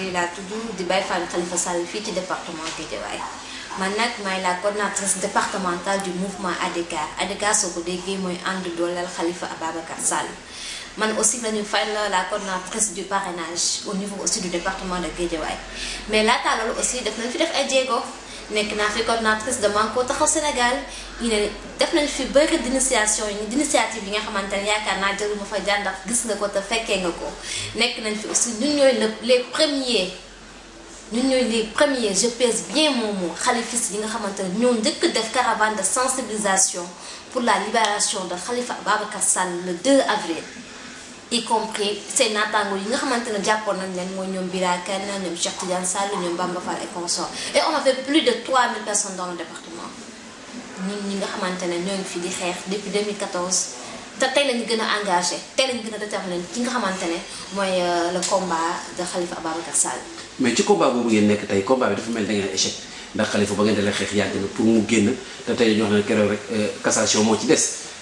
Gueye laa tudd di Baye Fall Khalifa Sall fii ci département Guédiawaye man nag maay la coordonnatrice départemental du mouvement ADECAR ADECAR soo ko déggee mooy ànd dooleel Khalifa Ababacar Sall man aussi Manu Fall la coordonnatrice du parrainage au niveau aussi du département de Guédiawaye mais laata loolu aussi def nañ fi def ay jéego nek naa fi coordinatrice de Manko taxaw Sénégal ñu ne def nañ fi bëri d'initiation initiation yi d' yi nga xamante ne yaakaar naa jël ma fa jaar ndax gis nga ko te fekkee nga ko nekk nañ fi aussi ñun ñooy le les premiers ñun ñooy les premiers je pèse bien mon mot xalifis yi nga xamante ne ñoo njëkk def caravane de sensibilisation pour la libération de Khalifa babacar Sall le 2 avril y compris seen naataango yi nga xamante ne jàppoon nañ leen mooy ñoom Bira Kane ñoom Cheikh Tidiane Sall ñoom Bamba et consorts et eh, on avait plus de 3000 personnes dans le département ñun ñi nga xamante ne ñoo ngi fi di xeex depuis 2014 te tey lañu gën a engagé tey lañu gën a déterminé ci nga xamante ne mooy euh, le combat de Khalifa Ababacar Sall. mais ci combat boobu ngeen nekk tey combat bi dafa mel da ngeen échec ndax Khalifa ba ngeen dalee xeex yàgg pour mu génn te tey dañoo xam ne keroog rek euh, cassation moo ci des.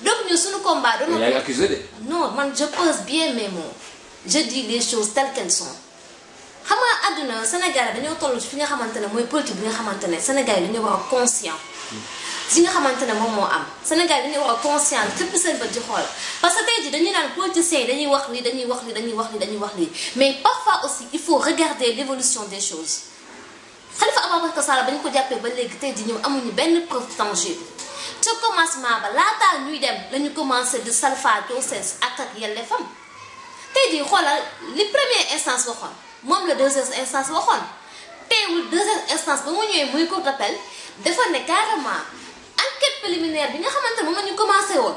donc ñun suñu combat. doon nañu accusé de. non man je pense bien mes mots je dis les choses telles qu'elles sont xam aduna Sénégal dañu tollu fi nga xamantene moy politique bi nga xamantene Sénégal yi dañoo war conscient. si nga xamantene ne moom am Sénégal dañuy wara conscient képp seen ba di xol parce que tey jii dañuy naan politiciens yi dañuy wax ni dañuy wax ni dañuy wax ni dañuy wax ni mais parfois aussi il faut regarder l'évolution des choses Khalifa Ababacar Sall ba ñu ko jappé ba légui tey jii ñoom amuñu benn preuve tangible ca commencement ba laataa ñuy dem lañu de di salfaatoo seen ak ak yelleefam tay di xolal li premier instance waxoon mom le deuxième instance waxoon teewul deuxième instance ba mu ñëwee muy court appel dafa né carrément enquête préliminaire bi nga xamante ne moom la ñu woon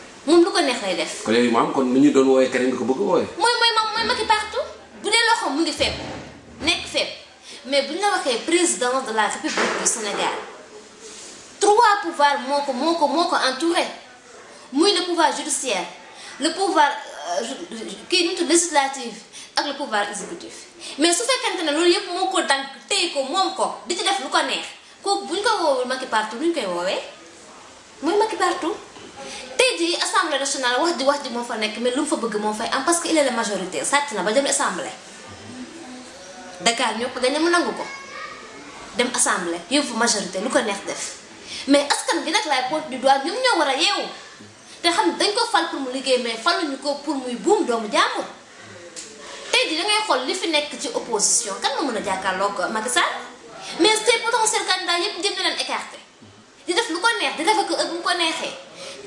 mom lu ko neex lay def. ko lay maam kon ni ñu doon wooyee keneen nga ko bëgg a moy moy mooy ma partout bu dee loxoom mu ngi fépp nekk fépp mais bu ñu la waxee président de la république du Sénégal trois pouvoirs moko moko moko entouré muy le pouvoir judiciaire le pouvoir euh, législatif ak le pouvoir exécutif mais su fekkente ne loolu yépp moo ko dank téy ko moom ko di ci def lu ko neex kooku buñ ko woowul maki partout lu ñu koy woowee mooy Macky partout. tey jii assemblée nationale wax ji wax fa nekk mais lu mu fa bëgg moo fay am parce que il est la majorité sàcc na ba dem assemblée Dakar ñoo ko dem assemblée yóbbu fa majorité lu ko neex def mais askan gi nag laay pointe du doigt ñoom ñoo war a te xam dañ ko fal pour mu mais faluñu ko pour muy buum doomu jàmbur tey da ngay xool li fi nekk ci opposition kan ma mën a jàkkaarloo ko Macky Sall mais ces potentiels candidats yëpp jëm na leen écarté di def lu ko neex di def ak bu ko neexee.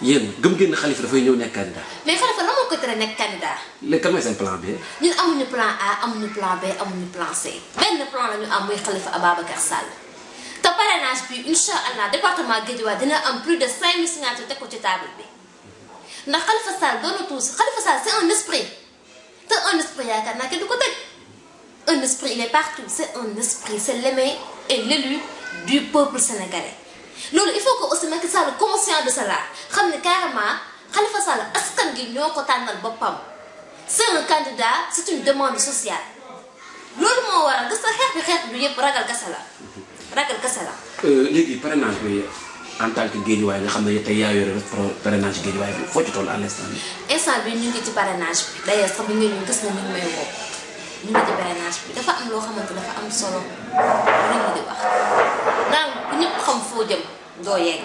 yéen gëm ngeen khalifa da fay ñëw nek candidat. mais Khalifa lan moo ko tere nekk candidat. léegi kan mooy seen plan B. ñun amuñu plan A amuñu plan B amuñu plan C ben plan la ñu am muy Khalifa ababakar Sall ta parrainage bi incha allah département Guédiawaye dina am plus de 5000 signatures teg ko ci table bi ndax Khalifa Sall do tous Khalifa Sall c'est un esprit te un esprit yaakaar naa kenn du ko tëj un esprit il est partout c'est un esprit c'est l'aimé et l'élu du peuple sénégalais loolu il faut que aussi Macky Sall conscient de cela. xam ko tànnal boppam c'est un candidat c'est une demande nga bi xeex bi yëpp ragal kese la ragal kese la. Euh, léegi xam ne tey yaa yore parrainage géejuwaay bi foo ci toll à bi. instant bi ñu ngi ci parrainage bi d'ailleurs sax bi nga ñëw gis nga dafa am loo xamante dafa am solo lu ñu di wax naan ku ñëpp xam foo jëm doo yegg.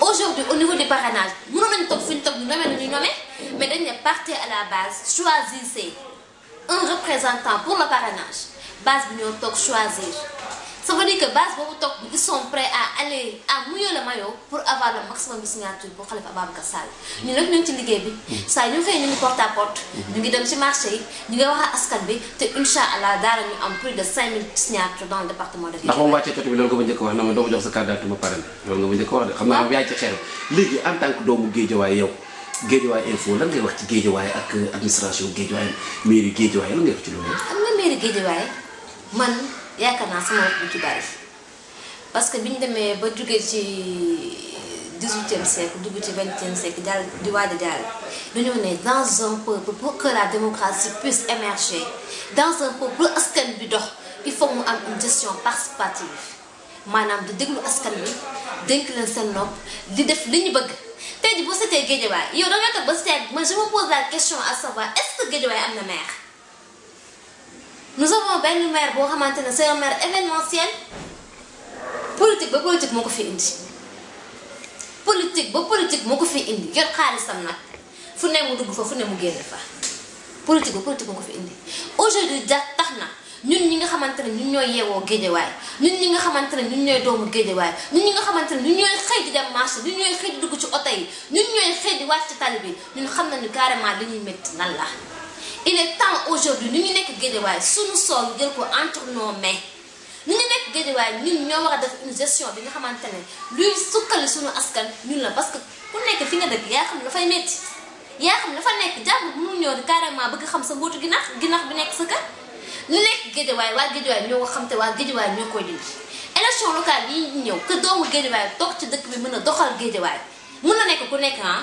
aujourd'hui au niveau du parrainage nous nañu nous fi ñu toog nous nommé mais nous partir à la base choisissez un représentant pour le parrainage base nous ñoo choisir. Ça veut dire que base boobu toog ils sont prêts à aller à mouiller le maillot pour avoir le maximum de signature pour Khalifa Ababacar Sall ñu nag ñu ngi ci liggéey bi saa ñu xëy ñu ngi porte à porte ñu ngi dem ci marché yi ñu ngi wax a askan bi te incha allah daara ñu am plus de 5000 signatures dans le département de ndax moom wàccee a bi loolu nga ma njëkk wax na ma doo ma jox sa carte d'identité ma pare nga ma njëkk wax de xam naa am yaay ci xeer léegi en tant doomu Géejawaay yow ak administration Géejawaay mairie Géejawaay lan ngay wax ci loolu yaakaar naa sama wax du ci bari parce que bi ñu demee ba jugee ci 18e siècle dugg ci 20e siècle daal di waaj a jàll dañoo ne dans un peuple pour que la démocratie puisse émerger dans un peuple askan bi dox il faut mu am une gestion participative maanaam di déglu askan bi dénk leen seen nopp di def li ñu bëgg tey ji boo seetee Guédiawaye yow da nga toog ba seet man je me pose la question à savoir est-ce que Guédiawaye am na maire. nous avons benn maire boo xamante ne c'est un maire événementiel politique ba politique moo ko fi indi politique ba politique moo ko fi indi jot xaalisam nag fu ne mu dugg fa fu ne mu génn fa politique ba politique moo ko fi indi aujourd'hui da tax na ñun ñi nga xamante ne ñun ñooy yeewoo géejewaay ñun ñi nga xamante ne ñun ñooy doomu géejewaay ñun ñi nga xamante ne ñun ñooy xëy di dem marché ñun ñooy xëy di dugg ci oto yi ñun ñooy xëy di wàcc ci tali bi ñun xam nañu carrément li métti nan la il est temps aujourd'hui lu ñu nekk géejawaay suñu sool jël ko entre nos mains ñu ngi nekk géejawaay ñun ñoo war a def une gestion bi nga xamante ne luy sukkali suñu askan ñun la parce que ku nekk fi nga dëkk yaa xam dafay metti yaa xam dafa nekk jàmm bu mu ñëw di carrément xam sa mbootu ginax ginax bi nekk sa kër lu nekk géejawaay waa géejawaay ñoo ko xam te waa géejawaay ñoo koy dindi élection locale yi ñëw que doomu géejawaay toog ci dëkk bi mën a doxal géejawaay mën na nekk ku nekk ah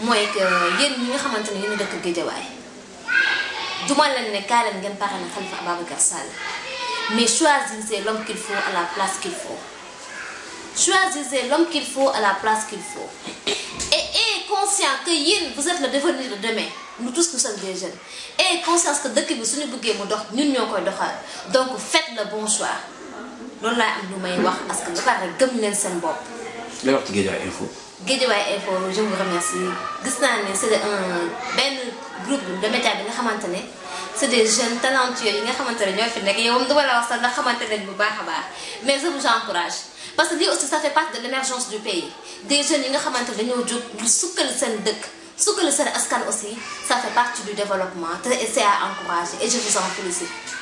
moi que yéen ñi nga xamanteni ne yéen a dëkk Guédiawaye duma leen ne kaay leen ngeen parrainé Khalifa Ababacar Sall mais choisissez l'homme qu'il faut à la place qu'il faut choisissez l'homme qu'il faut à la place qu'il faut et ayez conscient que yéen vous êtes le devenir de demain nous tous nous sommes des jeunes et conscience que dëkk bi suñu bëggé mu dox ñun ñokoy doxal donc faites le bon choix loolu laay am lu may wax parce que ba pare gëm leen seen bopp. lay wax ci info je vous remercie c'est un groupe de médias c'est des jeunes talentueux mais je vous encourage parce que aussi ça fait partie de l'émergence du pays des jeunes qui le aussi ça fait partie du développement c'est à et je vous en félicite